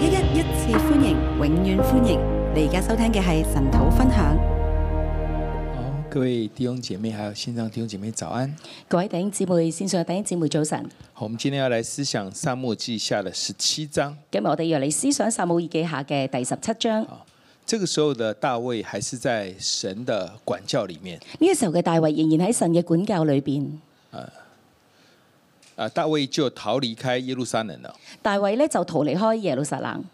一一一次歡迎，永遠歡迎！你而家收聽嘅係晨禱分享。好，各位弟兄姐妹，還有線上弟兄姐妹，早安！各位弟兄姊妹，線上弟兄姊妹早晨。好，我們今天要來思想撒母耳記下嘅十七章。今日我哋要嚟思想撒母耳記下嘅第十七章。啊，這個時候的大衛還是在神嘅管教裏面。呢、這個時候嘅大衛仍然喺神嘅管教裏邊。啊啊、大衛就逃離開耶路撒冷了。大衛呢，就逃離開耶路撒冷。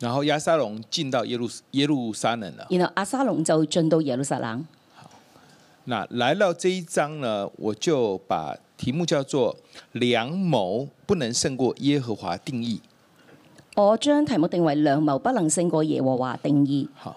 然後亞沙龍進到耶路耶路撒冷了。然後阿沙龍就進到耶路撒冷。好，那來到這一章呢，我就把題目叫做“良謀不能勝過耶和華定意”。我將題目定為“良謀不能勝過耶和華定意”。好。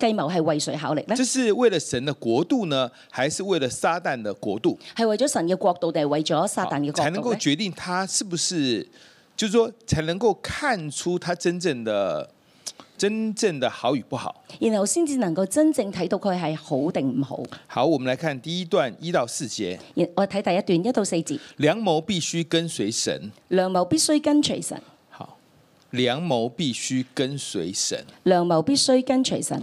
計謀係為誰考慮咧？這是為了神的國度呢，還是為了撒旦的國度？係為咗神嘅國度定係為咗撒旦嘅國度？才能夠決定他是不是，就是說，才能夠看出他真正嘅真正的好與不好。然後先至能夠真正睇到佢係好定唔好。好，我們來看第一段一到四節。我睇第一段一到四節。良謀必須跟隨神。良謀必須跟隨神。好，良謀必須跟隨神。良謀必須跟隨神。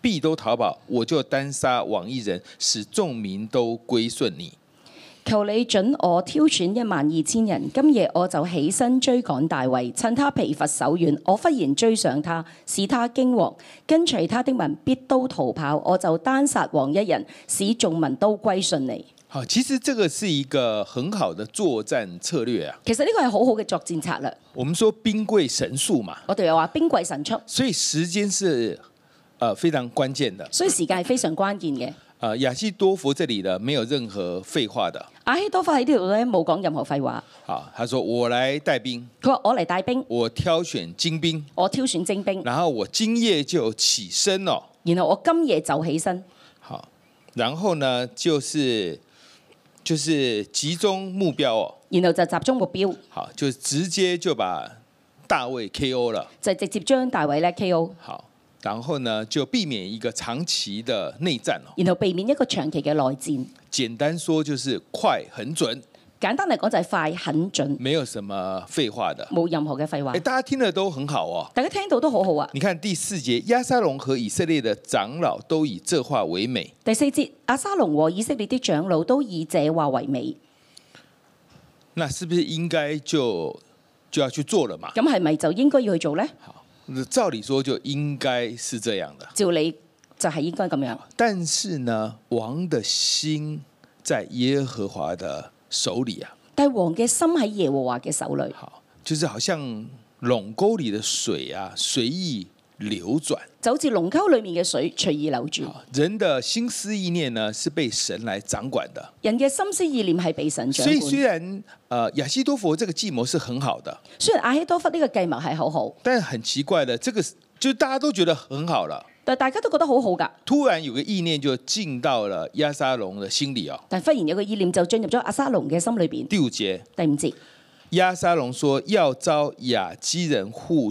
必都逃跑，我就單殺王一人，使眾民都歸順你。求你准我挑選一萬二千人，今夜我就起身追趕大衛，趁他疲乏手軟，我忽然追上他，使他驚惶，跟隨他的民必都逃跑，我就單殺王一人，使眾民都歸順你。好，其實這個是一個很好的作戰策略啊。其實呢個係好好嘅作戰策略。我們說兵貴神速嘛，我哋又話兵貴神速，所以時間是。誒、呃，非常關鍵的，所以時間係非常關鍵嘅。誒、呃，亞希多弗這裏咧，沒有任何廢話的。亞希多弗喺呢度咧，冇講任何廢話。好，他說我嚟帶兵。佢話我嚟帶兵，我挑選精兵，我挑選精兵，然後我今夜就起身咯、哦。然後我今夜就起身。好，然後呢，就是就是集中目標哦。然後就集中目標。好，就直接就把大衛 K.O. 了。就直接將大衛咧 K.O. 好。然後呢，就避免一個長期的內戰。然後避免一個長期嘅內戰。簡單說就是快很準。簡單嚟講就係快很準。沒有什麽廢話的。冇任何嘅廢話。誒，大家聽得都很好啊、哦。大家聽到都好好啊。你看第四節，押沙龍和以色列的長老都以這話為美。第四節，押沙龍和以色列的長老都以這話為美。那是不是應該就就要去做了嘛？咁係咪就應該要去做呢？照理說就應該是這樣的，照理就係應該咁樣。但是呢，王的心在耶和華的手裏啊。但王嘅心喺耶和華嘅手裏。好，就是好像壟溝裏的水啊，隨意。流轉，就好似龍溝裏面嘅水隨意流轉。人的心思意念呢，是被神來掌管的。人嘅心思意念係被神掌管。掌所以雖然，誒、呃，亞希多弗這個計謀是很好的，雖然亞希多弗呢個計謀係好好，但係很奇怪的，這個就大家都覺得很好了，但大家都覺得很好好噶。突然有個意念就進到了亞沙龍嘅心裏啊，但忽然有個意念就進入咗亞沙龍嘅心裏邊。第五節，第五節，亞沙龍說要招亞基人護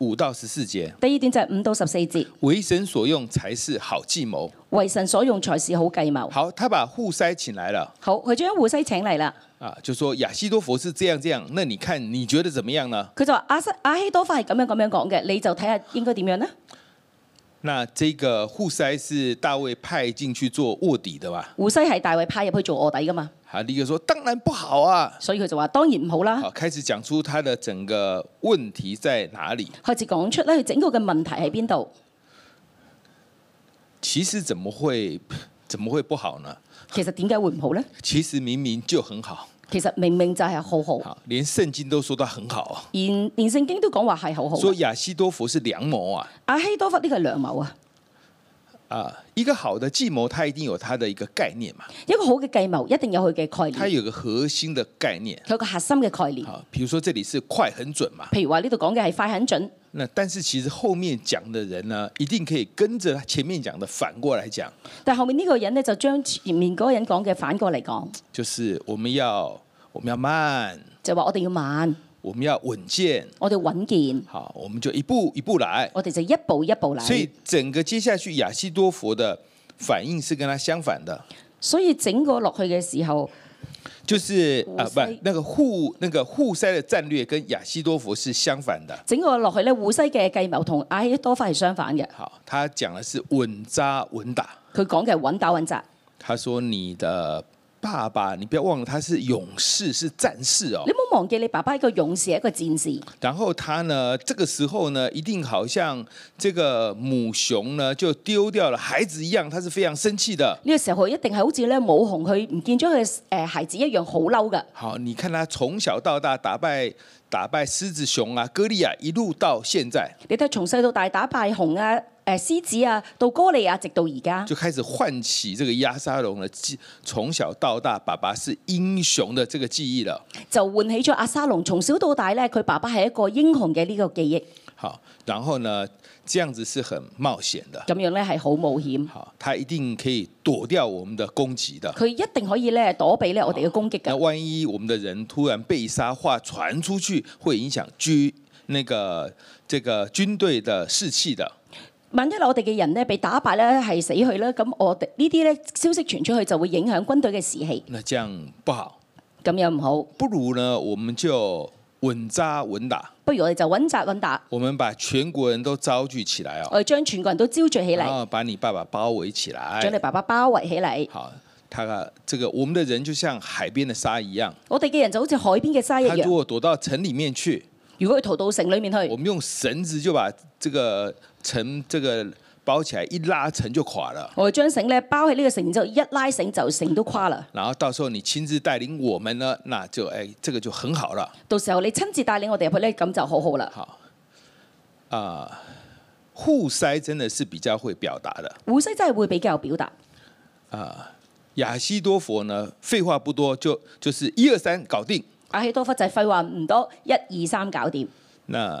五到十四節，第二點就係五到十四節，為神所用才是好計謀，為神所用才是好計謀。好，他把戶篩請來了，好，佢將戶篩請嚟啦，啊，就說亞希多弗是這樣這樣，那你看你覺得怎麼樣呢？佢就話亞希亞希多弗係咁樣咁樣講嘅，你就睇下應該點樣呢？那這個戶篩是大衛派進去做卧底的吧？戶篩係大衛派入去做卧底噶嘛？啊！呢個說當然不好啊，所以佢就話當然唔好啦。開始講出他的整個問題在哪裡？開始講出咧，佢整個嘅問題喺邊度？其實怎麼會怎麼會不好呢？其實點解會唔好咧？其實明明就很好。其實明明就係好好，連聖經都說得很好。連連聖經都講話係好好。所以亞希多弗是良謀啊！亞希多弗呢個係良謀啊！啊，一個好的計謀，它一定有它的一個概念嘛。一個好嘅計謀，一定有佢嘅概念。它有個核心嘅概念，佢個核心嘅概念。啊，譬如說這裏是快很準嘛。譬如話呢度講嘅係快很準。那但是其實後面講的人呢，一定可以跟着前面講的反過來講。但係後面呢個人呢，就將前面嗰個人講嘅反過嚟講。就是我們要我們要慢，就話我哋要慢。我們要穩健，我哋穩健。好，我們就一步一步來。我哋就一步一步來。所以整個接下去亞西多佛的反應是跟他相反的。所以整個落去嘅時候，就是啊，唔係、呃，那個護那個護西嘅戰略跟亞西多佛是相反的。整個落去呢，護西嘅計謀同亞西多佛係相反嘅。好，他講嘅是穩紮穩打，佢講嘅係穩打穩紮。他說你的。爸爸，你不要忘了他是勇士，是戰士哦。你唔好忘記你爸爸一個勇士，一個戰士。然後他呢，這個時候呢，一定好像這個母熊呢，就丟掉了孩子一樣，他是非常生氣的。呢、這個時候一定係好似咧母熊佢唔見咗佢誒孩子一樣，好嬲㗎。好，你看他從小到大打敗打敗獅子熊啊，哥利亞、啊、一路到現在，你睇從細到大打敗熊啊。誒，獅子啊，到哥利亞，直到而家就開始喚起這個押沙龍的記，從小到大，爸爸是英雄的這個記憶了。就喚起咗押沙龍從小到大咧，佢爸爸係一個英雄嘅呢個記憶。好，然後呢，這樣子是很冒險的。咁樣咧係好冒險。好，他一定可以躲掉我們的攻擊的。佢一定可以咧躲避咧我哋嘅攻擊嘅。萬一我們的人突然被殺的話，傳出去會影響軍那個這個軍隊的士氣的。萬一我哋嘅人呢，被打敗咧係死去啦。咁我哋呢啲咧消息傳出去就會影響軍隊嘅士氣。那這樣不好，咁樣唔好。不如呢，我們就穩紮穩打。不如我哋就穩紮穩打。我們把全國人都招聚起來哦。我將全國人都招聚起嚟。啊，把你爸爸包圍起來。將你爸爸包圍起嚟。好，他個這個，我們的人就像海邊的沙一樣。我哋嘅人就好似海邊嘅沙一樣。如果躲到城裏面去，如果佢逃到城裏面去，我們用繩子就把這個。繩這個包起來一拉繩就垮了。我將繩咧包喺呢個繩，然之後一拉繩就繩都垮啦。然後到時候你親自帶領我們呢，那就誒、哎，這個就很好啦。到時候你親自帶領我哋入去咧，咁就好好啦。好，啊，戶篩真的是比較會表達的。戶篩真係會比較表達。啊，亞希多弗呢？廢話不多，就就是一二三搞定。亞希多弗就係廢話唔多，一二三搞掂。嗱。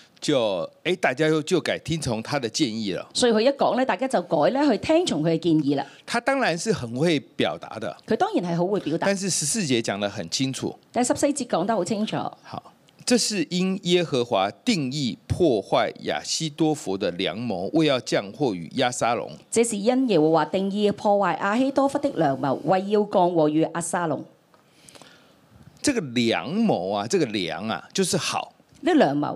就誒、欸，大家又就，就改聽從他的建議了。所以佢一講呢，大家就改呢去聽從佢嘅建議啦。他當然是很會表達的。佢當然係好會表達。但是十四節講得很清楚。第十四節講得好清楚。好，這是因耶和華定意破壞亞希多弗的良謀，為要降禍於押沙龍。這是因耶和華定意破壞亞希多弗的良謀，為要降禍於押沙龍。這個良謀啊，這個良啊，就是好。呢良謀。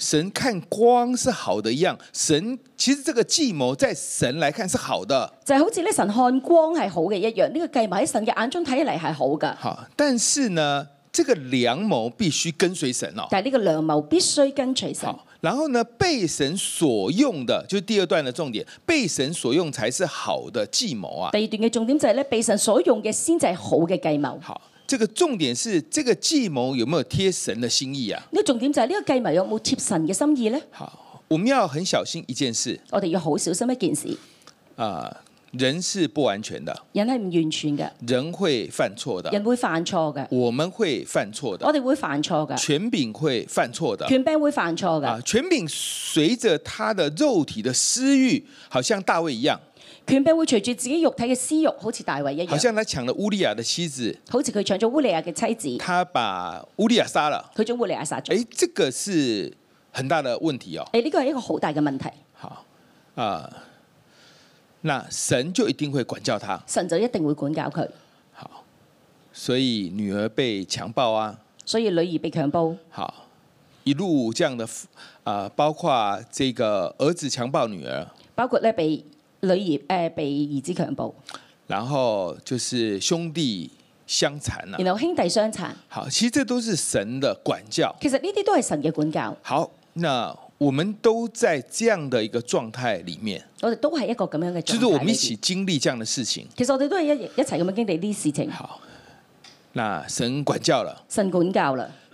神看光是好的一樣，神其實這個計謀在神來看是好的，就是、好似咧神看光係好嘅一樣，呢、這個計謀喺神嘅眼中睇嚟係好噶。好，但是呢，這個良謀必須跟隨神咯、哦。但係呢個良謀必須跟隨神。好，然後呢，被神所用的就是、第二段嘅重點，被神所用才是好的計謀啊。第二段嘅重點就係、是、咧被神所用嘅先至係好嘅計謀。好。這個重點是，這個計謀有沒有貼神的心意啊？呢個重點就係呢個計謀有冇貼神嘅心意咧？好，我們要很小心一件事。我哋要好小心一件事。啊，人是不完全的。人係唔完全嘅。人會犯錯的。人會犯錯嘅。我們會犯錯的。我哋會犯錯嘅。權柄會犯錯的。權柄會犯錯嘅。啊，權柄隨着他的肉體的私欲，好像大衛一樣。權柄會隨住自己肉體嘅私欲，好似大衛一樣。好像他搶了烏利亞嘅妻子。好似佢搶咗烏利亞嘅妻子。他把烏利亞殺了。佢將烏利亞殺咗。誒、欸，這個是很大的問題哦。誒、欸，呢、這個係一個好大嘅問題。好啊、呃，那神就一定會管教他。神就一定會管教佢。好，所以女兒被強暴啊。所以女兒被強暴。好，一路這樣的啊、呃，包括這個兒子強暴女兒，包括呢被。女兒誒、呃、被兒子強暴，然後就是兄弟相殘啦。然後兄弟相殘，好，其實這都是神的管教。其實呢啲都係神嘅管教。好，那我們都在這樣的一個狀態裡面，我哋都係一個咁樣嘅狀態，就是我們一起經歷這樣的事情。其實我哋都係一一齊咁樣經歷呢啲事情。好，那神管教了，神管教了。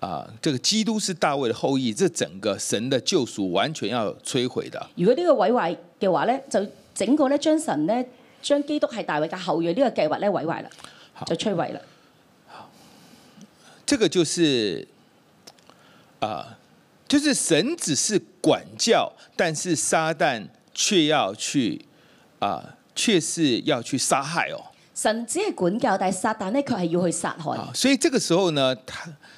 啊！這個基督是大衛的後裔，這整個神的救贖完全要摧毀的。如果呢個毀壞嘅話呢，就整個咧，將神咧，將基督係大衛嘅後裔呢個計劃呢毀壞啦，就摧毀啦。好，這個就是啊，就是神只是管教，但是撒旦卻要去啊，卻是要去殺害哦。神只係管教，但係撒旦咧，卻係要去殺害。所以這個時候呢，他。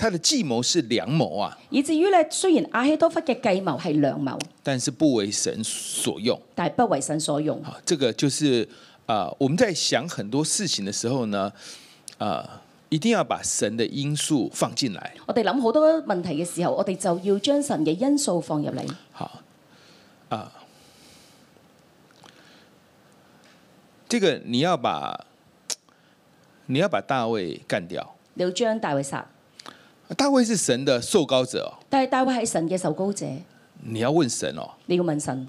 他的計謀是良謀啊！以至於呢，雖然亞希多弗嘅計謀係良謀，但是不為神所用。但係不為神所用。好，這個就是啊、呃，我們在想很多事情的時候呢，啊、呃，一定要把神的因素放進來。我哋諗好多問題嘅時候，我哋就要將神嘅因素放入嚟。好啊、呃，這個你要把你要把大衛幹掉，你要將大衛殺。大衛是神的受膏者、哦，但係大衛係神嘅受膏者。你要問神哦，你要問神，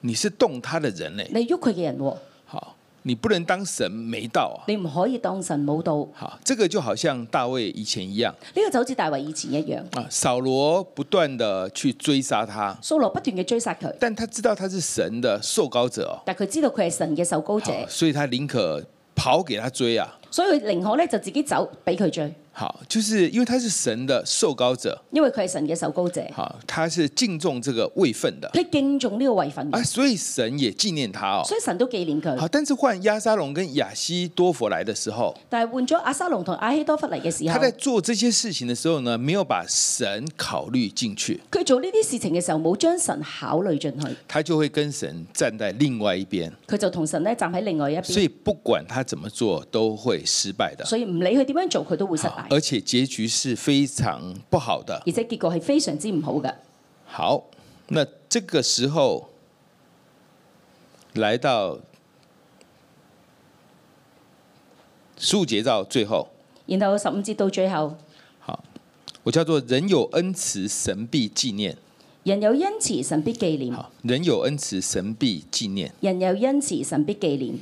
你是動他的人咧，你喐佢嘅人、哦。好，你不能當神沒到、啊,你唔可以當神冇到。好，這個就好像大衛以前一樣，呢個就好似大衛以前一樣。啊，掃羅不斷的去追殺他，掃羅不斷嘅追殺佢、哦，但他知道他是神的受膏者，但佢知道佢係神嘅受膏者，所以他寧可跑給他追啊，所以佢寧可咧就自己走俾佢追。好，就是因為他是神的受膏者，因為佢係神嘅受膏者。好，他是敬重這個位份的，佢敬重呢個位份啊，所以神也紀念他哦。所以神都紀念佢。好，但是換押沙龍跟亞希多弗來的時候，但係換咗押沙龍同亞希多弗嚟嘅時候，他在做這些事情的時候呢，沒有把神考慮進去。佢做呢啲事情嘅時候冇將神考慮進去，他就會跟神站在另外一邊。佢就同神呢站喺另外一邊，所以不管他怎麼做都會失敗的。所以唔理佢點樣做佢都會失敗的。而且結局是非常不好的，而且結果係非常之唔好嘅。好，那這個時候來到數節到最後，然後十五節到最後。好，我叫做人有恩慈神，必紀念。人有恩慈神，必紀念。好，人有恩慈神，必紀念。人有恩慈神，必紀念。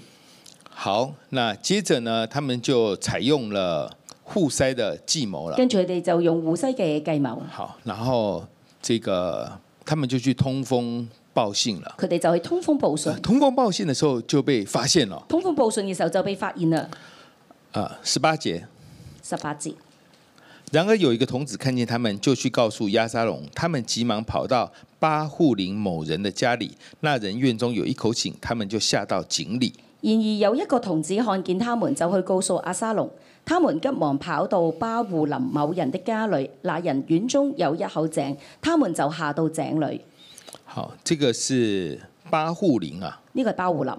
好，那接着呢，他們就採用了。戶篩的計謀了，跟住佢哋就用戶篩嘅計謀。好，然後這個他們就去通風報信了。佢哋就去通風報信。通風報信的時候就被發現了。通風報信嘅時候就被發現啦。十八節。十八節。然而有一個童子看見他們，就去告訴押沙龍。他們急忙跑到巴戶琳某人的家裡，那人院中有一口井，他們就下到井裡。然而有一個童子看見他們，就去告訴阿沙龍，他們急忙跑到巴戶林某人的家裏，那人院中有一口井，他們就下到井裏。好，這個是巴戶林啊。呢個係巴戶林。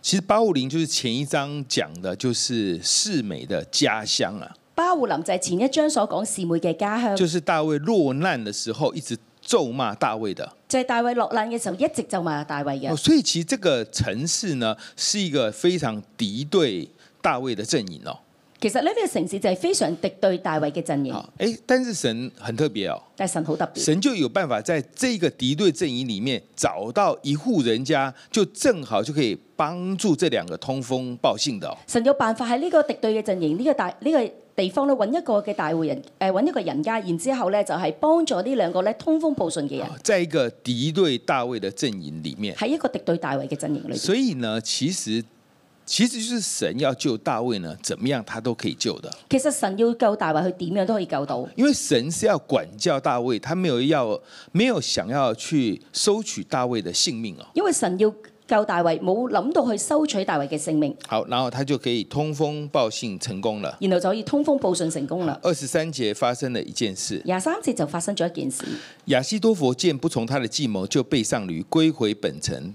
其實巴戶林就是前一章講的，就是示每的家鄉啊。巴戶林就係前一章所講示每嘅家鄉，就是大衛落難的時候一直。咒罵大衛的，就係、是、大衛落難嘅時候，一直咒罵大衛嘅。所以其實這個城市呢，是一個非常敵對大衛的陣營哦。其實呢、這個城市就係非常敵對大衛嘅陣營。誒，但是神很特別哦。但神好特別。神就有辦法在這個敵對陣營裏面，找到一戶人家，就正好就可以幫助這兩個通風報信的、哦。神有辦法喺呢個敵對嘅陣營，呢、這個大呢、這個地方咧，揾一個嘅大戶人，誒揾一個人家，然之後咧就係、是、幫助呢兩個咧通風報信嘅人。在一個敵對大衛嘅陣營裏面，喺一個敵對大衛嘅陣營裏。所以呢，其實。其實就是神要救大衛呢，怎麼樣他都可以救的。其實神要救大衛，佢點樣都可以救到。因為神是要管教大衛，他沒有要，沒有想要去收取大衛的性命哦。因為神要救大衛，冇諗到去收取大衛嘅性命。好，然後他就可以通風報信成功了。然後就可以通風報信成功啦。二十三節發生了一件事。廿三節就發生咗一件事。亞希多弗見不從他的計謀就被上，就背上驢歸回本城。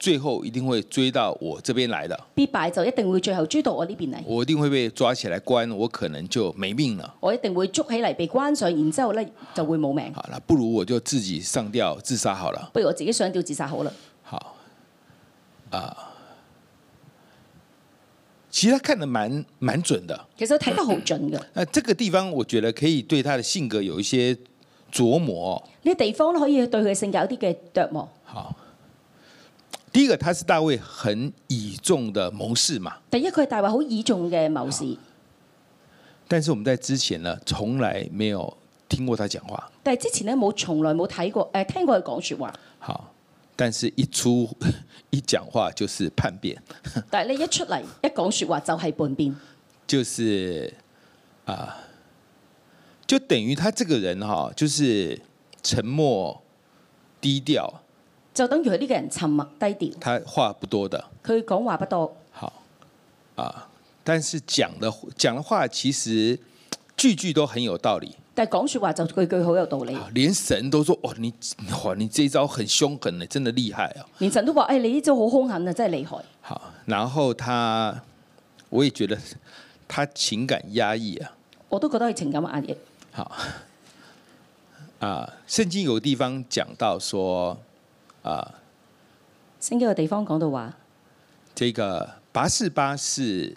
最後一定會追到我這邊來的，必敗就一定會最後追到我呢邊嚟。我一定會被抓起來關，我可能就沒命了。我一定會捉起嚟被關上，然之後咧，就會冇命。好啦，不如我就自己上吊自殺好了。不如我自己上吊自殺好啦。好，啊，其實他看得蠻蠻準的。其實睇得好準嘅。那這個地方我覺得可以對他的性格有一些琢磨。呢個地方可以對他的性格有啲嘅琢磨。好。第一個，他是大衛很倚重的謀士嘛。第一個，佢係大衛好倚重嘅謀士。但是我們在之前呢，從來沒有聽過他講話。但係之前呢，冇從來冇睇過，誒，聽過佢講說話。好，但係一出一講話就是叛變。但係你一出嚟一講說話就係叛變。就是啊，就等於他這個人哈，就是沉默低調。就等於佢呢個人沉默低調，他話不多的，佢講話不多。好啊，但是講的講的話，其實句句都很有道理。但係講說話就句句好有道理，啊，連神都說：，哇，哦，你哇，你這招很凶狠咧，真的厲害啊！連神都話：，哎，你呢招好凶狠啊，真係厲害。好，然後他，我也覺得他情感壓抑啊。我都覺得佢情感壓抑。好啊，聖經有地方講到說。啊！聖經嘅地方講到話，這個巴士巴是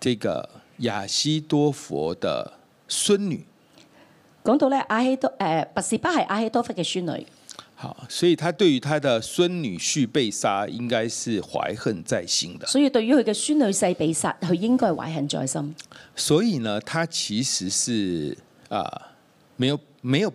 這個亞西多佛的孫女。講到咧、啊，亞西多誒，拔士巴係亞西多佛嘅孫女。好，所以他對於他的孫女婿被殺，應該是懷恨在心的。所以對於佢嘅孫女婿被殺，佢應該係懷恨在心。所以呢，他其實是啊，沒有沒有。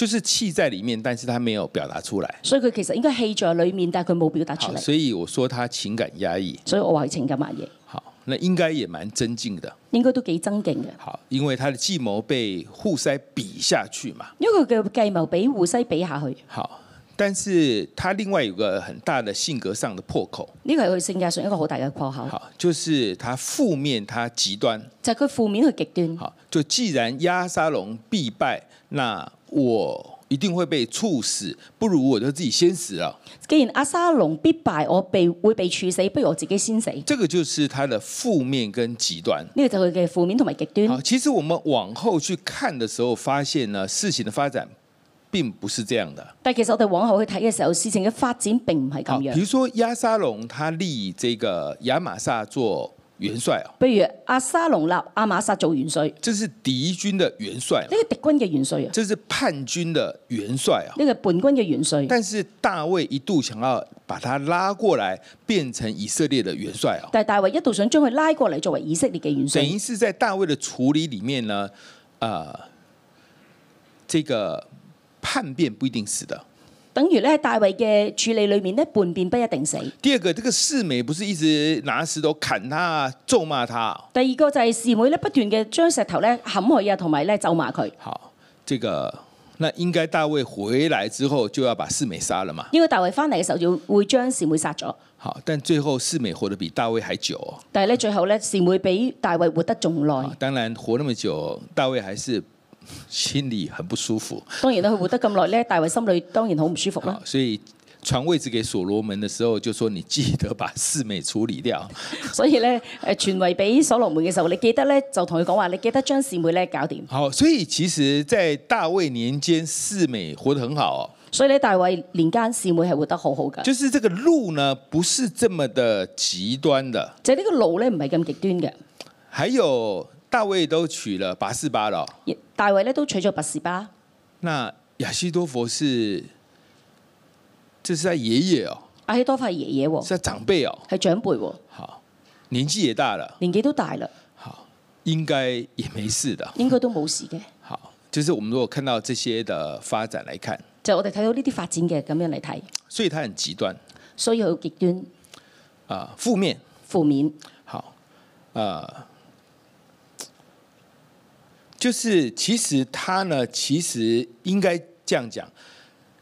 就是氣在裏面，但是他沒有表達出來。所以佢其實應該氣在裏面，但係佢冇表達出嚟。所以我說他情感壓抑。所以我話佢情感壓抑。好，那應該也蠻尊敬的。應該都幾尊敬嘅。好，因為他的計謀被戶篩比下去嘛。因為佢嘅計謀俾戶篩比下去。好，但是他另外有個很大的性格上的破口。呢、這個係佢性格上一個好大嘅破口。好，就是他負面，他極端。就佢、是、負面係極端。好，就既然押沙龍必敗，那我一定會被處死，不如我就自己先死啦。既然阿沙龍必敗，我被會被處死，不如我自己先死。這個就是他的負面跟極端。呢個就係佢嘅負面同埋極端。好，其實我們往後去看的時候，發現呢事情嘅發展並不是這樣嘅。但其實我哋往後去睇嘅時候，事情嘅發展並唔係咁樣。譬如說亞沙龍，他立這個亞瑪撒做。元帥啊，比如阿沙龍立阿馬薩做元帥，這是敵軍的元帥啊，呢個敵軍嘅元帥啊，這是叛軍的元帥啊，呢個叛軍嘅元帥。但是大衛一度想要把他拉過來變成以色列的元帥啊，但大衛一度想將佢拉過嚟作為以色列嘅元帥，等於是在大衛的處理裏面呢，啊、呃，這個叛變不一定死的。等於咧，大衛嘅處理裏面咧，叛變不一定死。第二個，這個示每不是一直拿石頭砍他、啊、咒罵他、啊。第二個就係示每咧，不斷嘅將石頭咧冚佢啊，同埋咧咒罵佢。好，這個，那應該大衛回來之後就要把示每殺了嘛？因為大衛翻嚟嘅時候就會將示每殺咗。好，但最後示每活得比大衛還久。但係咧，最後咧，示每比大衛活得仲耐。當然，活那麼久，大衛還是。心裏很不舒服。當然啦，佢活得咁耐咧， 大衛心裏當然好唔舒服啦、啊。所以傳位置給所羅門的時候，就說你記得把示每處理掉。所以咧，誒，傳位俾所羅門嘅時候，你記得咧就同佢講話，你記得將示每咧搞掂。好，所以其實，在大衛年間，示每活得很好哦。所以咧，大衛年間，示每係活得好好噶。就是這個路呢，不是這麼的極端的。就呢、是、個路咧，唔係咁極端嘅。還有。大衛都娶了八四八咯，大衛咧都娶咗八四八。那亞希多弗是，這、就是佢爺爺哦。亞希多弗係爺爺喎，係長輩哦、喔，係長輩、喔。好，年紀也大了，年紀都大啦。好，應該也沒事的，應該都冇事嘅。好，就是我們如果看到這些的發展來看，就我哋睇到呢啲發展嘅咁樣嚟睇，所以佢很極端，所以好極端。啊、呃，負面，負面。好，啊、呃。就是其實他呢，其實應該這樣講，啊、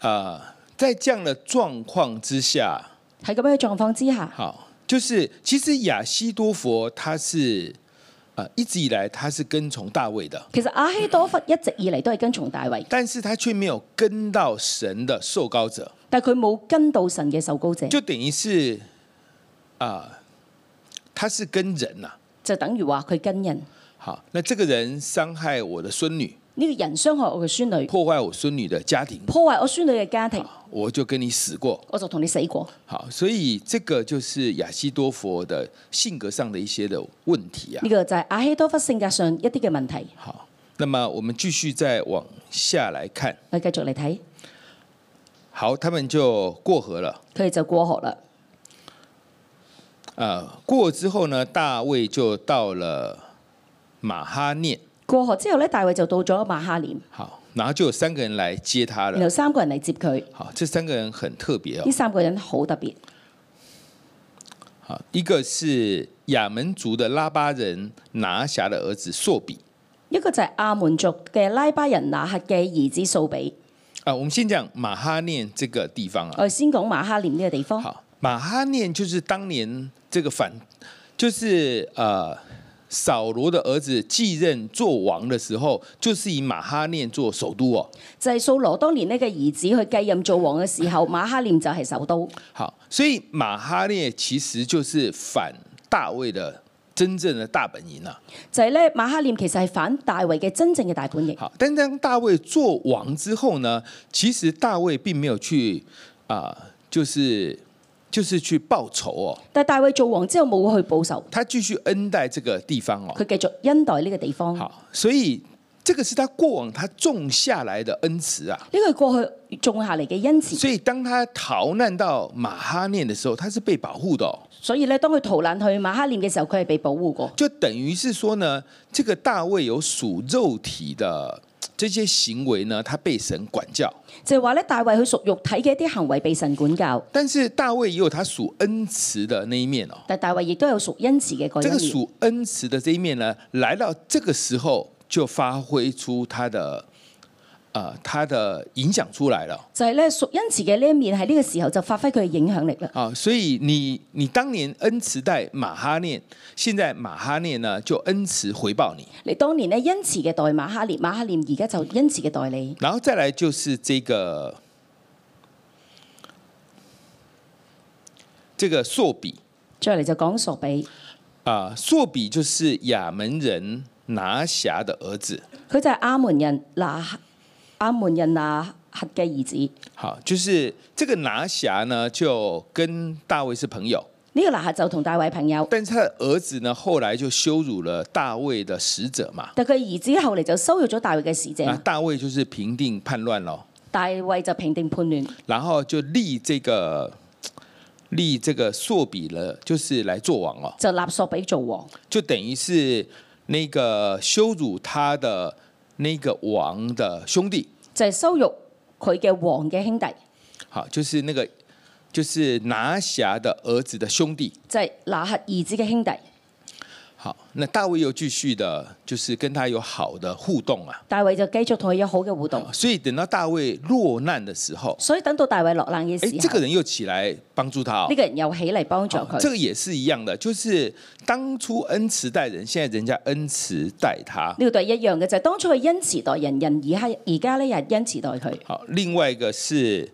呃，在這樣的狀況之下，係咁樣嘅狀況之下，好，就是其實亞西多佛他是、呃、一直以來他是跟從大衛的，其實亞西多佛一直以嚟都係跟從大衛，但是他卻沒有跟到神的受膏者，但佢冇跟到神嘅受膏者，就等於是啊、呃，他是跟人啦、啊，就等於話佢跟人。那這個人傷害我的孫女，呢個人傷害我嘅孫女，破壞我孫女嘅家庭，破壞我孫女嘅家庭，我就跟你死過，我就同你死過。好，所以這個就是亞希多弗的性格上的一些的問題啊。呢個就係亞希多弗性格上一啲嘅問題。好，那麼我們繼續再往下來看，我哋繼續嚟睇。好，他們就過河了，佢哋就過河了。啊、呃，過之後呢，大衛就到了。馬哈念過河之後呢，大衛就到咗馬哈念。好，然後就有三個人來接他了。有三個人嚟接佢。好，這三個人很特別哦。呢三個人好特別。好，一個是亞門族的拉巴人拿轄的兒子朔比。一個就係亞門族嘅拉巴人拿轄嘅兒子朔比。啊，我們先講馬哈念這個地方啊。我先講馬哈念呢個地方。好，馬哈念就是當年這個反，就是啊。呃掃羅的兒子繼任做王的時候，就是以馬哈念做首都哦。就係掃羅當年呢個兒子去繼任做王嘅時候，馬哈念就係首都。好，所以馬哈念其實就是反大衛嘅真正嘅大本營啦、啊。就係、是、咧，馬哈念其實係反大衛嘅真正嘅大本營。好，但當,當大衛做王之後呢，其實大衛並沒有去啊、呃，就是。就是去報仇哦，但大衛做王之後冇去報仇，他繼續恩待這個地方哦，佢繼續恩待呢個地方。好，所以這個是他過往他種下來的恩慈啊，呢個係過去種下嚟嘅恩慈。所以當他逃難到馬哈念的時候，他是被保護的。所以呢，當佢逃難去馬哈念嘅時候，佢係被保護過。就等於是說呢，這個大衛有屬肉體的。這些行為呢，他被神管教，就係話咧，大衛去屬肉體嘅一啲行為被神管教，但是大衛也有他屬恩慈的那一面哦。但大衛亦都有屬恩慈嘅嗰一面。這個屬恩慈的這一面呢，來到這個時候就發揮出他的。啊、呃！他的影響出來了，就係、是、咧。恩慈嘅呢一面喺呢個時候就發揮佢嘅影響力啦。啊、呃，所以你你當年恩慈代馬哈念，現在馬哈念呢就恩慈回報你。你當年呢恩慈嘅代馬哈念，馬哈念而家就恩慈嘅代理。然後再來就是這個這個朔比，再嚟就講朔比。啊，朔比就是亞門人拿霞嘅兒子。佢就係亞門人拿，阿門人啊，核嘅兒子，好，就是這個拿轄呢，就跟大衛是朋友。呢個拿轄就同大衛朋友，但係佢兒子呢，後來就羞辱了大衛的使者嘛。但係佢兒子後嚟就羞辱咗大衛嘅使者。啊，大衛就是平定叛亂咯。大衛就平定叛亂，然後就立這個立這個朔比了，就是來做王咯。就立朔比做王，就等於是那個羞辱他的。那個王的兄弟，就係、是、羞辱佢嘅王嘅兄弟。好，就是那個，就是拿霞的兒子的兄弟，就係拿霞兒子的兄弟。好，那大衛又繼續的，就是跟他有好的互動啊。大衛就繼續同佢有好嘅互動。所以等到大衛落難的時候，所以等到大衛落難嘅時候，欸，這個人又起來幫助他，哦。呢、這個人又起來幫助佢，哦。這個也是一樣的，就是當初恩慈待人，現在人家恩慈待他。呢、這個都一樣嘅，就係、是、當初恩慈待人，人而而家呢又恩慈待佢。好，另外一個是。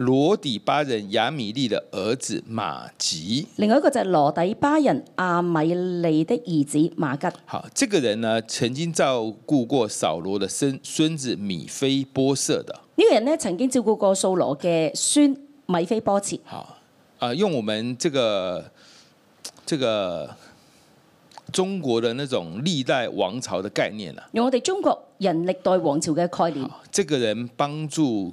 羅底巴人亞米利的兒子馬吉，另外一個就是羅底巴人阿米利的兒子馬吉。好，這個人呢，曾經照顧過掃羅的孫孫子米菲波設的。這個人呢，曾經照顧過掃羅嘅孫米菲波設。好，啊、呃，用我們這個這個中國的那種歷代王朝的概念、啊、用我哋中國人歷代王朝嘅概念。這個人幫助。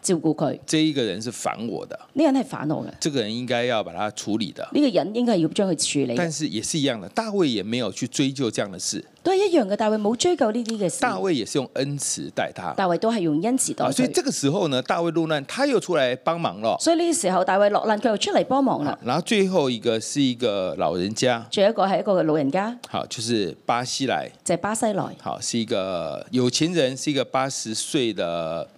照顧佢，這一個人是反我的，呢個人係反我嘅，這個人應該要把他處理的，呢、這個人應該要將佢處理。但是也是一樣的，大衛也沒有去追究這樣的事，都係一樣嘅。大衛冇追究呢啲嘅事，大衛也是用恩慈待他，大衛都係用恩慈。啊，所以這個時候呢，大衛落難，他又出來幫忙啦。所以呢個時候，大衛落難，佢又出嚟幫忙啦。然後最後一個是一個老人家，最後一個係一個老人家，好，就是巴西來，即、就是、巴西來，好，是一個有錢人，是一個八十歲的。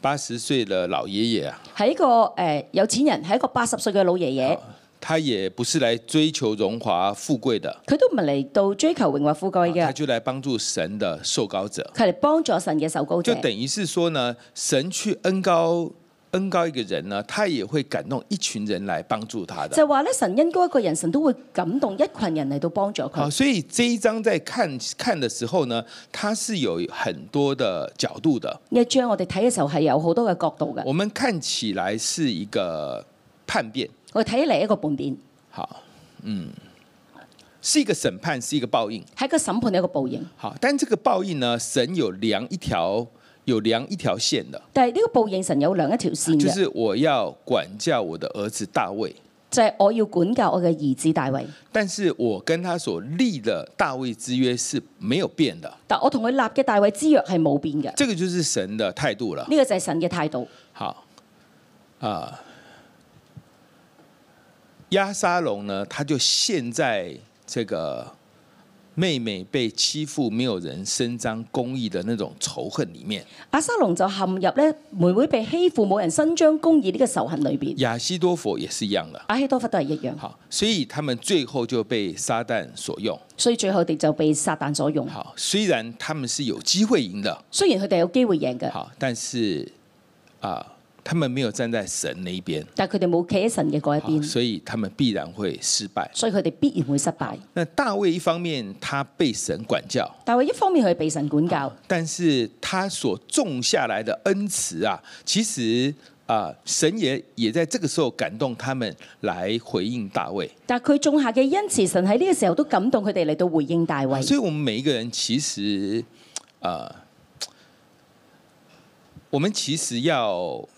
八十歲的老爺爺啊，係一個誒、呃、有錢人，係一個八十歲嘅老爺爺。他也不是嚟追求榮華富貴的，佢都唔係嚟到追求榮華富貴嘅。佢就嚟幫助神嘅受膏者，佢係嚟幫助神嘅受膏者。就等於是說呢，神去恩膏。恩高一個人呢，他也會感動一群人來幫助他的。就話咧，神恩高一個人，神都會感動一群人嚟到幫助佢。好，所以這一章在看看的時候呢，它是有很多的角度的。一章我哋睇嘅時候係有好多嘅角度嘅。我們看起來是一個叛變，我哋睇起嚟一個叛變。好，嗯，是一個審判，是一個報應，係一個審判的一個報應。好，但係這個報應呢，神有量一條。有兩一條線的，但係呢個報應神有兩一條線，就是我要管教我的兒子大衛，就係我要管教我嘅兒子大衛。但是我跟他所立嘅大衛之約是沒有變的，但我同佢立嘅大衛之約係冇變嘅。這個就是神的態度了，啊，呢個就係神嘅態度。好，啊，押沙龍呢，他就現在這個。妹妹被欺負，沒有人伸張公義的那種仇恨裏面。押沙龍就陷入咧妹妹被欺負，冇人伸張公義呢個仇恨裏邊。亞希多弗也是一樣了，亞希多弗都係一樣。好，所以他們最後就被撒旦所用。所以最後哋就被撒旦所用。好，雖然他們是有機會贏的，雖然佢哋有機會贏嘅。好，但是啊、呃。他們沒有站在神那一邊，但係佢哋冇企喺神嘅嗰一邊，所以他們必然會失敗。所以佢哋必然會失敗。那大衛一方面，他被神管教；大衛一方面，佢被神管教，啊。但是他所種下來的恩慈啊，其實啊，呃，神也也在這個時候感動他們來回應大衛。但係佢種下嘅恩慈，神喺呢個時候都感動佢哋嚟到回應大衛，啊。所以，我們每一個人其實，呃，我們其實要。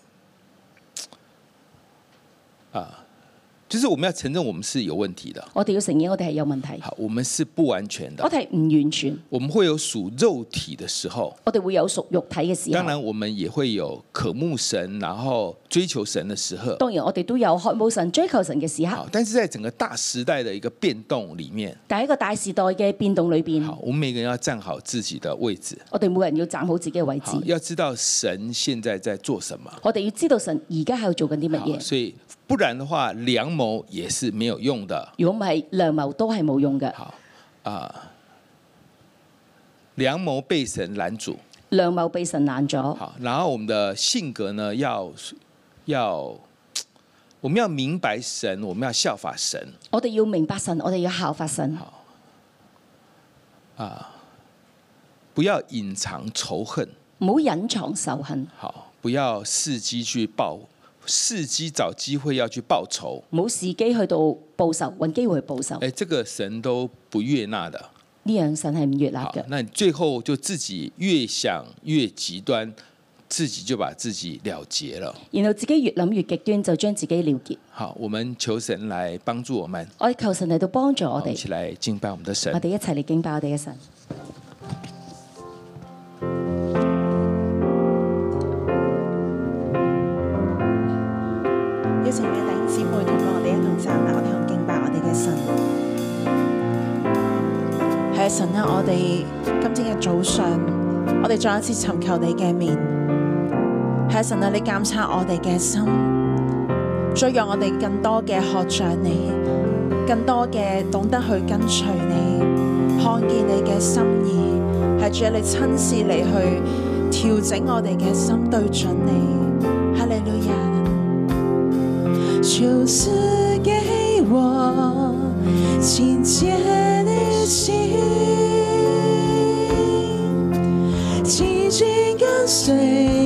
啊、uh，就是我們要承認我們是有問題的。我哋要承認我哋係有問題。好，我們是不完全的。我哋係唔完全。我們會有屬肉體的時候。我哋會有屬肉體嘅時候。當然，我們也會有渴慕神，然後。追求神的時刻，當然我哋都有渴望神追求神嘅時刻。好，但是，在整個大時代的一個變動裡面，但係一個大時代嘅變動裡邊，好，我們每個人要站好自己的位置。我哋每個人要站好自己嘅位置，要知道神現在在做什麼。我哋要知道神而家喺度做緊啲乜嘢，所以不然嘅話，良謀也是沒有用的。如果唔係，良謀都係冇用嘅。好，啊，良謀被神攔阻，良謀被神攔咗。好，然後我們的性格呢要。要，我們要明白神，我們要效法神。我哋要明白神，我哋要效法神。好，啊，不要隱藏仇恨，唔好隱藏仇恨。好，不要伺機去報，伺機找機會要去報仇，冇伺機去到報仇，揾機會去報仇。誒、哎，這個神都不悅納的，呢樣神係唔悅納嘅。那你最後就自己越想越極端。自己就把自己了結了，然後自己越諗越極端，就將自己了結。好，我們求神來幫助我們。我哋求神嚟到幫助我哋。一起來敬拜我們的神。我哋一齊嚟敬拜我哋嘅神。有前面嘅弟兄姊妹同我哋一同站，我哋同敬拜我哋嘅神。係神啊！我哋今天嘅早上，我哋再一次尋求你嘅面。是神啊，你鑒察我哋嘅心，再讓我哋更多嘅學着你，更多嘅懂得去跟隨你，看見你嘅心意。係借你親自嚟去調整我哋嘅心，對準你。哈利路亞。主賜給我純潔的心，緊緊跟隨。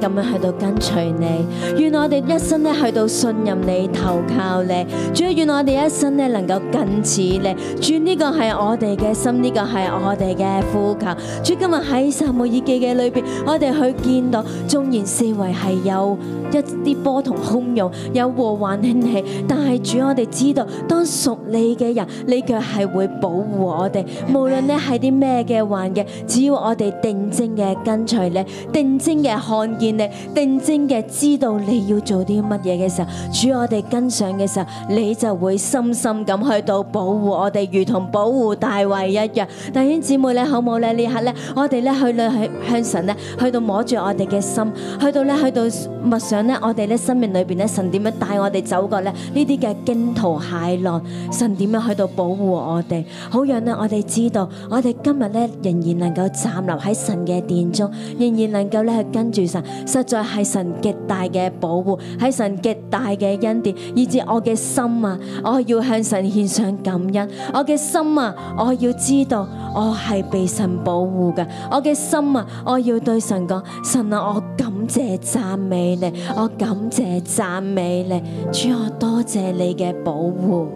咁樣去到跟隨你，願我哋一生咧去到信任你，投靠你，主願我哋一生咧能夠更似你。主呢個係我哋嘅心，呢個係我哋嘅呼求。主今日喺《撒母耳記》嘅裏邊，我哋去見到縱然四圍係有一啲波同洶湧，有禍患興起，但係主我哋知道，當屬你嘅人，你卻係會保護我哋。無論咧係啲咩嘅環境，只要我哋定睛嘅跟隨你，定睛嘅看見。你定睛嘅知道你要做啲乜嘢嘅時候，主我哋跟上嘅時候，你就會深深咁去到保護我哋，如同保護大衛一樣。弟兄姊妹咧，好冇咧？呢刻咧，我哋咧去去向神咧，去到摸住我哋嘅心，去到咧去到默想咧，我哋咧生命裏邊咧，神點樣帶我哋走過咧？呢啲嘅驚濤駭浪，神點樣去到保護我哋？好讓咧我哋知道，我哋今日咧仍然能夠站立喺神嘅殿中，仍然能夠咧去跟住神。實在係神極大嘅保護，係神極大嘅恩典，以至我嘅心啊，我要向神獻上感恩。我嘅心啊，我要知道我係被神保護嘅。我嘅心啊，我要對神講：神啊，我感謝讚美你，我感謝讚美你。主，我多謝你嘅保護。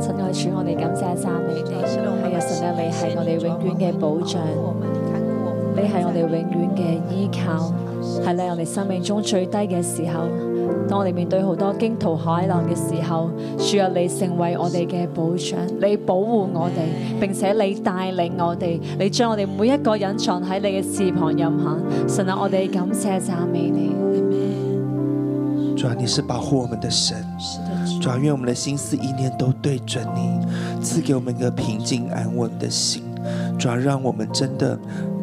神愛主，我哋感謝讚美你。係啊，神啊，你係我哋永遠嘅保障，你係我哋永遠嘅依靠。係你我哋生命中最低嘅時候，當我哋面對好多驚濤駭浪嘅時候，主啊，你成為我哋嘅保障，你保護我哋，並且你帶領我哋，你將我哋每一個隱藏喺你嘅翅膀蔭下。神啊，我哋感謝讚美你。Amen。主啊，你是保護我們的神，主啊，願我們的心思意念都對準你，賜給我們一個平靜安穩的心，主啊，讓我們真的。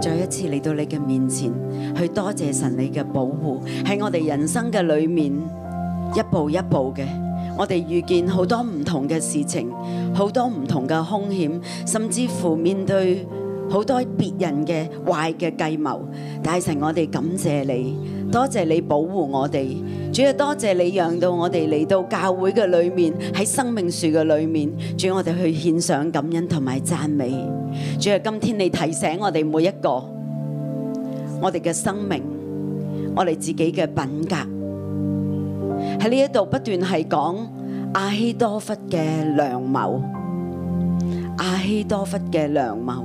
再一次嚟到你嘅面前，去多謝神你嘅保護，喺我哋人生嘅裏面，一步一步嘅，我哋遇見好多唔同嘅事情，好多唔同嘅凶險，甚至乎面對好多別人嘅壞嘅計謀，但係神，我哋感謝你。多謝你保護我哋，主要多謝你讓到我哋嚟到教會嘅裏面，喺生命樹嘅裏面，主要我哋去獻上感恩同埋讚美。主要今天你提醒我哋每一個，我哋嘅生命，我哋自己嘅品格，喺呢一度不斷係講亞希多弗嘅良謀，亞希多弗嘅良謀，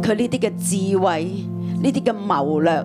佢呢啲嘅智慧，呢啲嘅謀略，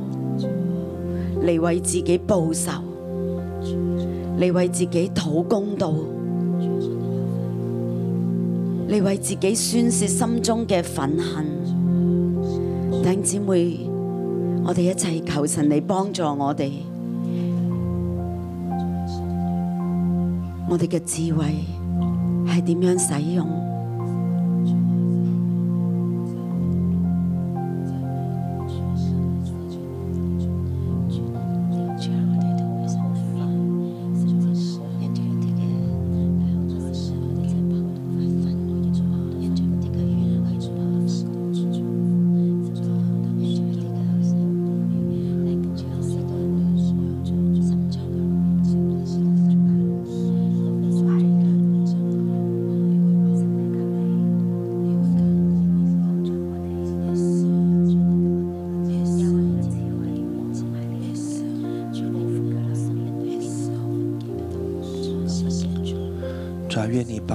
嚟為自己報仇，嚟為自己討公道，嚟為自己宣泄心中嘅憤恨。弟兄姊妹，我哋一齊求神嚟幫助我哋，我哋嘅智慧係點樣使用？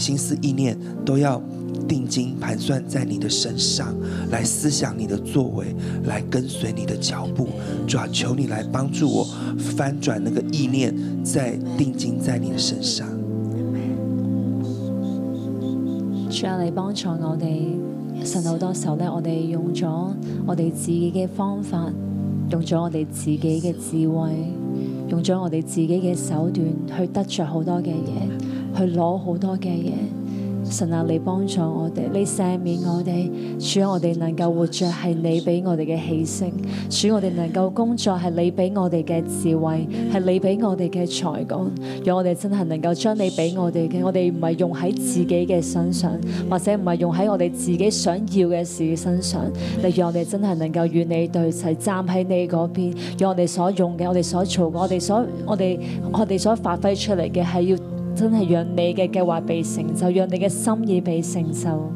心思意念都要定睛盤算在你的身上，來思想你的作為，來跟隨你的腳步。轉求你來幫助我翻轉那個意念，再定睛在你的身上。主啊，你幫助我哋，神好多時候咧，我哋用咗我哋自己嘅方法，用咗我哋自己嘅智慧，用咗我哋自己嘅手段去得着好多嘅嘢。去攞好多嘅嘢，神啊，你幫助我哋，你赦免我哋，主要我哋能夠活着係你俾我哋嘅氣息，主要我哋能夠工作係你俾我哋嘅智慧，係你俾我哋嘅才幹，讓我哋真係能夠將你俾我哋嘅，我哋唔係用喺自己嘅身上，或者唔係用喺我哋自己想要嘅事的身上，嚟讓我哋真係能夠與你對齊，站喺你嗰邊，讓我哋所用嘅，我哋所做的，我哋所我哋我哋所發揮出嚟嘅係要。真係讓你嘅計劃被成就，讓你嘅心意被承受。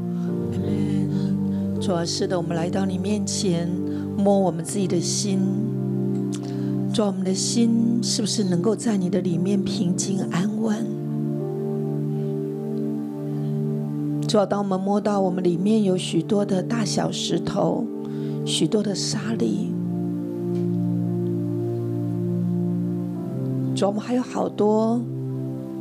主啊，是的，我們來到你面前，摸我們自己的心。主，我們的心是不是能夠在你的裏面平靜安穩？主，當我們摸到我們裏面有許多的大小石頭，許多的沙粒，主，我們還有好多。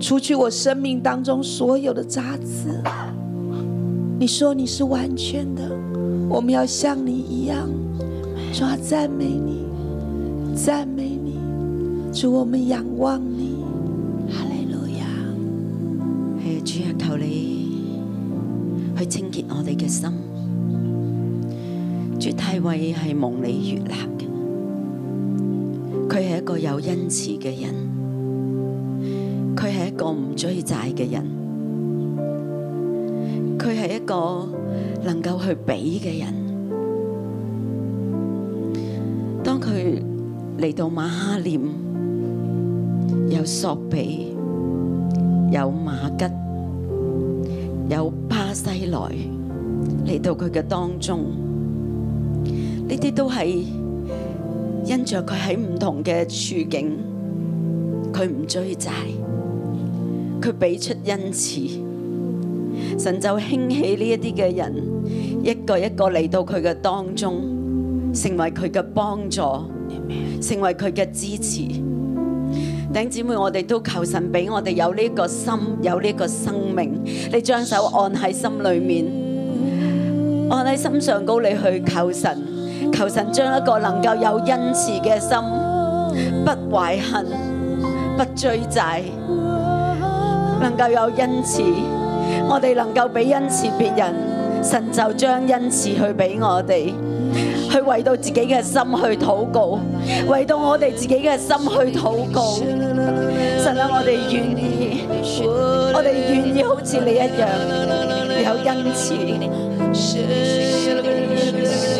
除去我生命當中所有的渣滓，你說你是完全的，我們要像你一樣，我要讚美你，讚美你，祝我們仰望你。哈利路亞。誒，主啊，求你去清潔我哋嘅心。主，大衛，係蒙你悦納嘅，佢係一個有恩慈嘅人。一個唔追債的人，他是一個能夠去俾的人。當他來到馬哈念，有索比，有馬吉，有巴西來嚟到他的當中，這些都是因着他在不同的處境，他不追債。佢俾出恩慈，神就興起呢一啲嘅人，一個一個嚟到佢嘅當中，成為佢嘅幫助，成為佢嘅支持。頂姊妹，我哋都求神俾我哋有呢個心，有呢個生命。你將手按喺心裏面，按喺心上高，你去求神，求神將一個能夠有恩慈嘅心，不懷恨，不追債。能夠有恩慈，我哋能夠俾恩慈別人，神就將恩慈去俾我哋，去為到自己嘅心去禱告，為到我哋自己嘅心去禱告。神啊，我哋願意，我哋願意好似你一樣有恩慈。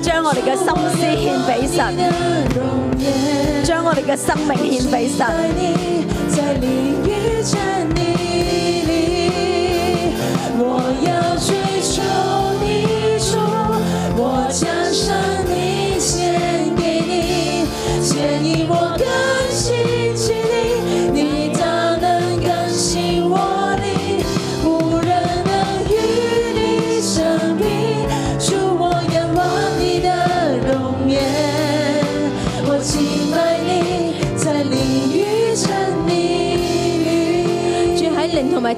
將我哋嘅心思獻俾神，將我哋嘅生命獻俾神。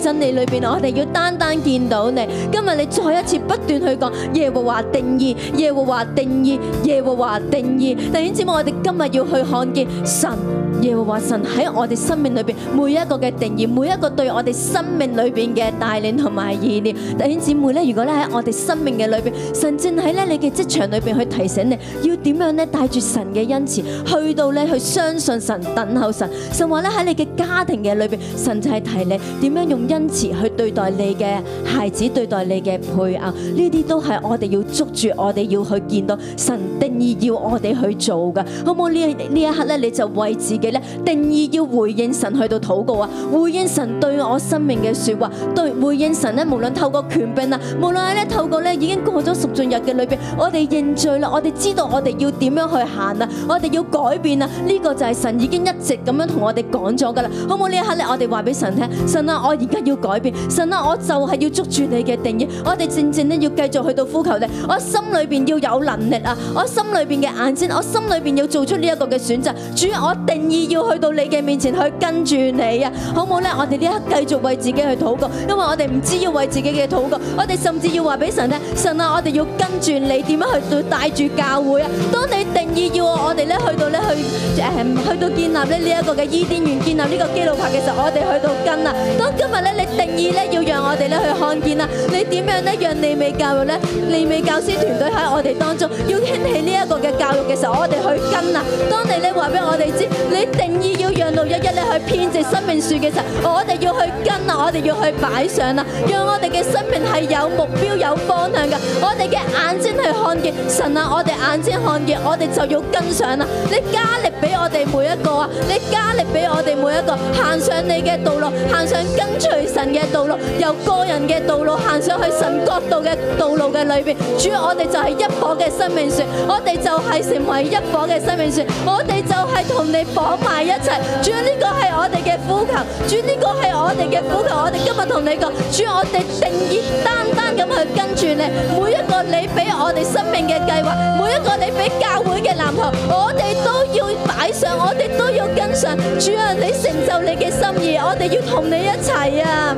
真理裏面，我哋要單單見到你。今日你再一次不斷去講耶和華定意，耶和華定意，耶和華定意。弟兄姊妹，我哋今日要去看見神。耶和華神喺我哋生命裏邊每一個嘅定意，每一個對我哋生命裏邊嘅帶領同埋意念。弟兄姊妹咧，如果咧喺我哋生命嘅裏邊，神正喺咧你嘅職場裏邊去提醒你，要點樣咧帶住神嘅恩慈去到咧去相信神、等候神。神話咧喺你嘅家庭嘅裏邊，神就係提你點樣用恩慈去對待你嘅孩子、對待你嘅配偶。呢啲都係我哋要捉住，我哋要去見到神定意要我哋去做嘅。好唔好呢？呢一刻咧，你就為自己。定意要回應神去到禱告啊，回應神對我生命嘅說話，對回應神呢，無論透過權柄啊，無論咧透過咧已經過咗贖罪日嘅裏邊，我哋認罪啦，我哋知道我哋要點樣去行啊，我哋要改變啊，呢個就係神已經一直咁樣同我哋講咗噶啦，好唔好？呢一刻咧，我哋話俾神聽，神啊，我而家要改變，神啊，我就係要捉住你嘅定意，我哋正正呢，要繼續去到呼求你，我心裏邊要有能力啊，我心裏邊嘅眼睛，我心裏邊要做出呢一個嘅選擇，主要我定意。要去到你嘅面前去跟住你啊，好唔好咧？我哋呢刻繼續為自己去禱告，因為我哋唔知要為自己嘅禱告，我哋甚至要話俾神聽，神啊，我哋要跟住你點樣去到帶住教會啊！當你定義要我哋咧去到咧去誒去到建立咧呢一個嘅伊甸園，建立呢個基路伯嘅時候我哋去到跟啊！當今日咧你定義咧要讓我哋咧去看見啊，你點樣咧讓利美教育咧，利美教師團隊喺我哋當中要興起呢一個嘅教育嘅時候，我哋去跟啊！當你咧話俾我哋知你。定義要讓路，一一你去編織生命樹嘅時候，我哋要去跟啊，我哋要去擺上啦，讓我哋嘅生命係有目標、有方向嘅。我哋嘅眼睛係看見神啊，我哋眼睛看見，我哋就要跟上啦。你加力俾我哋每一個啊，你加力俾我哋每一個行上你嘅道路，行上跟隨神嘅道路，由個人嘅道路行上去神國度嘅道路嘅裏邊，主要我哋，我哋就係一伙嘅生命樹，我哋就係成為一伙嘅生命樹，我哋就係同你綁。埋一齊，主呢個係我哋嘅呼求，主呢個係我哋嘅呼求，我哋今日同你講，主我哋定意單單咁去跟住你，每一個你俾我哋生命嘅計劃，每一個你俾教會嘅藍圖，我哋都要擺上，我哋都要跟上，主啊，你成就你嘅心意，我哋要同你一齊啊！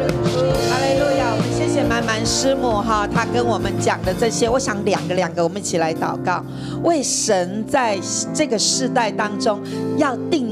阿利路亞，謝謝慢慢師母哈，他跟我們講的這些，我想兩個兩個，我們一起來禱告，為神在這個世代當中要定。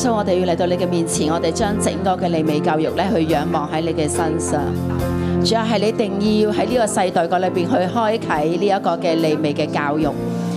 所以我哋要嚟到你嘅面前，我哋將整個嘅利美教育咧去仰望喺你嘅身上。主要係你定意要喺呢個世代嗰裏邊去開啟呢一個嘅利美嘅教育。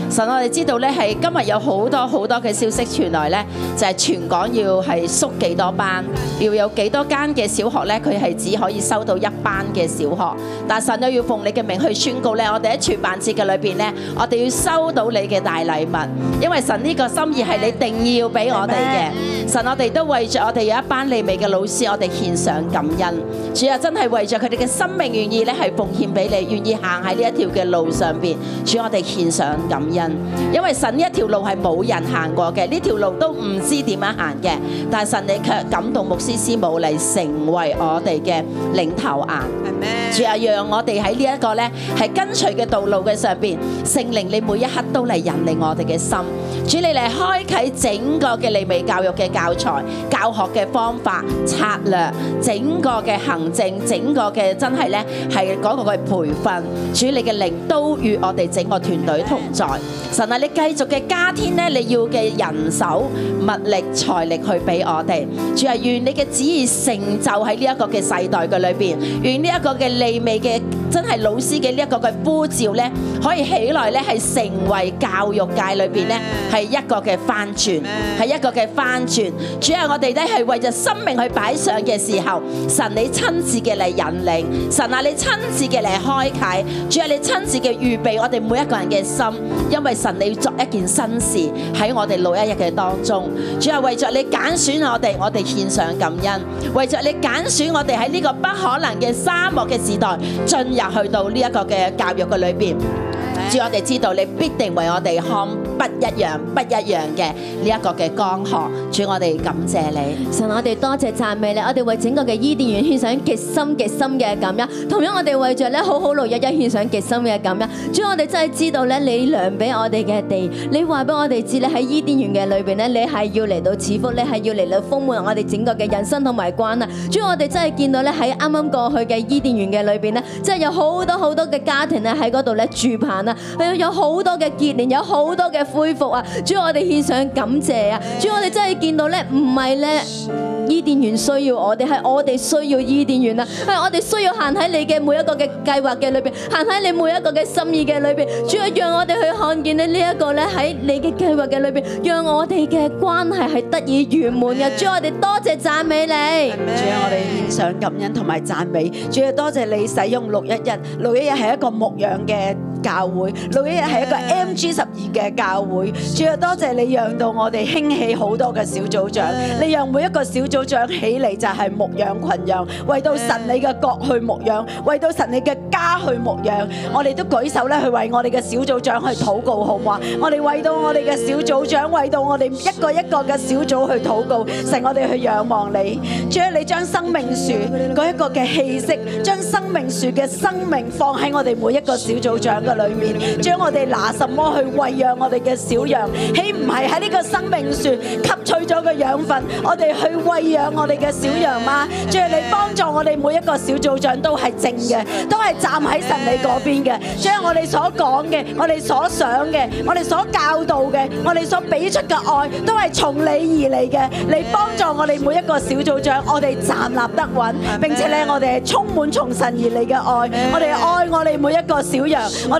神，我哋知道咧，係今日有好多好多嘅消息傳來咧，就係、是、全港要係縮幾多班，要有幾多間嘅小學咧，佢係只可以收到一班嘅小學。但神都要奉你嘅名去宣告咧，我哋喺全辦節嘅裏邊咧，我哋要收到你嘅大禮物，因為神呢個心意係你定意要俾我哋嘅。神，我哋都為着我哋有一班利未嘅老師，我哋獻上感恩。主啊，真係為着佢哋嘅生命願意咧，係奉獻俾你，願意行喺呢一條嘅路上邊，主我哋獻上感恩。因為神呢一條路係冇人行過嘅，呢條路都唔知點樣行嘅。但神你卻感動牧師師母嚟成為我哋嘅領頭雁。主啊，讓我哋喺呢一個咧係跟隨嘅道路嘅上邊，聖靈你每一刻都嚟引領我哋嘅心。主你嚟開啟整個嘅利美教育嘅教材、教學嘅方法、策略，整個嘅行政，整個嘅真係呢，係嗰個嘅佢培訓，主你嘅靈都與我哋整個團隊同在。神啊，你繼續嘅加添呢，你要嘅人手、物力、財力去畀我哋。主啊，願你嘅旨意成就喺呢一個嘅世代嘅裏邊，願呢一個嘅利美嘅。真係老師嘅呢一個嘅呼召咧，可以起來咧，係成為教育界裏邊咧，係一個嘅翻轉，係一個嘅翻轉。主啊，我哋咧係為着生命去擺上嘅時候，神你親自嘅嚟引領，神啊，你親自嘅嚟開啟，主啊，你親自嘅預備我哋每一個人嘅心，因為神你要作一件新事喺我哋六一一嘅當中。主啊，為着你揀選我哋，我哋獻上感恩，為着你揀選我哋喺呢個不可能嘅沙漠嘅時代進入去到呢一個嘅教育嘅裏邊。主，我哋知道你必定為我哋看不一樣、不一樣嘅呢一個嘅江河。主，我哋感謝你。神，我哋多謝讚美你。我哋為整個嘅伊甸園獻上極深、極深嘅感恩。同樣，我哋為着咧好好勞一一獻上極深嘅感恩。主，我哋真係知道咧，你量俾我哋嘅地，你話俾我哋知，你喺伊甸園嘅裏邊咧，你係要嚟到賜福，你係要嚟到豐滿我哋整個嘅人生同埋關啊！主，我哋真係見到咧，喺啱啱過去嘅伊甸園嘅裏邊咧，真係有好多好多嘅家庭咧喺嗰度咧住棚啊！係啊，有好多嘅結連，有好多嘅恢復啊！主，我哋獻上感謝啊！主，我哋真係見到咧，唔係咧伊甸園需要我哋，係我哋需要伊甸園啊！係我哋需要行喺你嘅每一個嘅計劃嘅裏邊，行喺你每一個嘅心意嘅裏邊。主，讓我哋去看見你呢一個咧喺你嘅計劃嘅裏邊，讓我哋嘅關係係得以圓滿嘅。主，我哋多謝讚美你。主，我哋獻上感恩同埋讚美。主，多謝你使用六一一，六一一係一個牧羊嘅。教會六一一係一個 M G 十二嘅教會，主啊，多謝你讓到我哋興起好多嘅小組長，你讓每一個小組長起嚟就係牧養群羊，為到神你嘅國去牧養，為到神你嘅家去牧養，我哋都舉手咧去為我哋嘅小組長去禱告，好唔好啊？我哋為到我哋嘅小組長，為到我哋一個一個嘅小組去禱告，成我哋去仰望你，主啊，你將生命樹嗰一個嘅氣息，將生命樹嘅生命放喺我哋每一個小組長。裏面將我哋拿什麼去餵養我哋嘅小羊？豈唔係喺呢個生命樹吸取咗個養分，我哋去餵養我哋嘅小羊嗎？借你幫助我哋每一個小組長都係正嘅，都係站喺神你嗰邊嘅。將我哋所講嘅、我哋所想嘅、我哋所教導嘅、我哋所俾出嘅愛，都係從你而嚟嘅，你幫助我哋每一個小組長，我哋站立得穩，並且咧我哋係充滿從神而嚟嘅愛，我哋愛我哋每一個小羊，我。